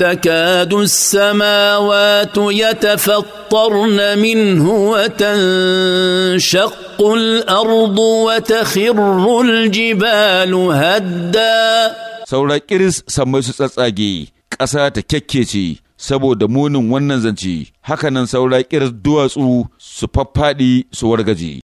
تكاد السماوات يتفطرن منه وتنشق الارض وتخر الجبال هدا saura kiris samai su tsatsage ƙasa ta kyakkece saboda munin wannan zance hakanan saura kiris duwatsu su faffaɗi su wargaje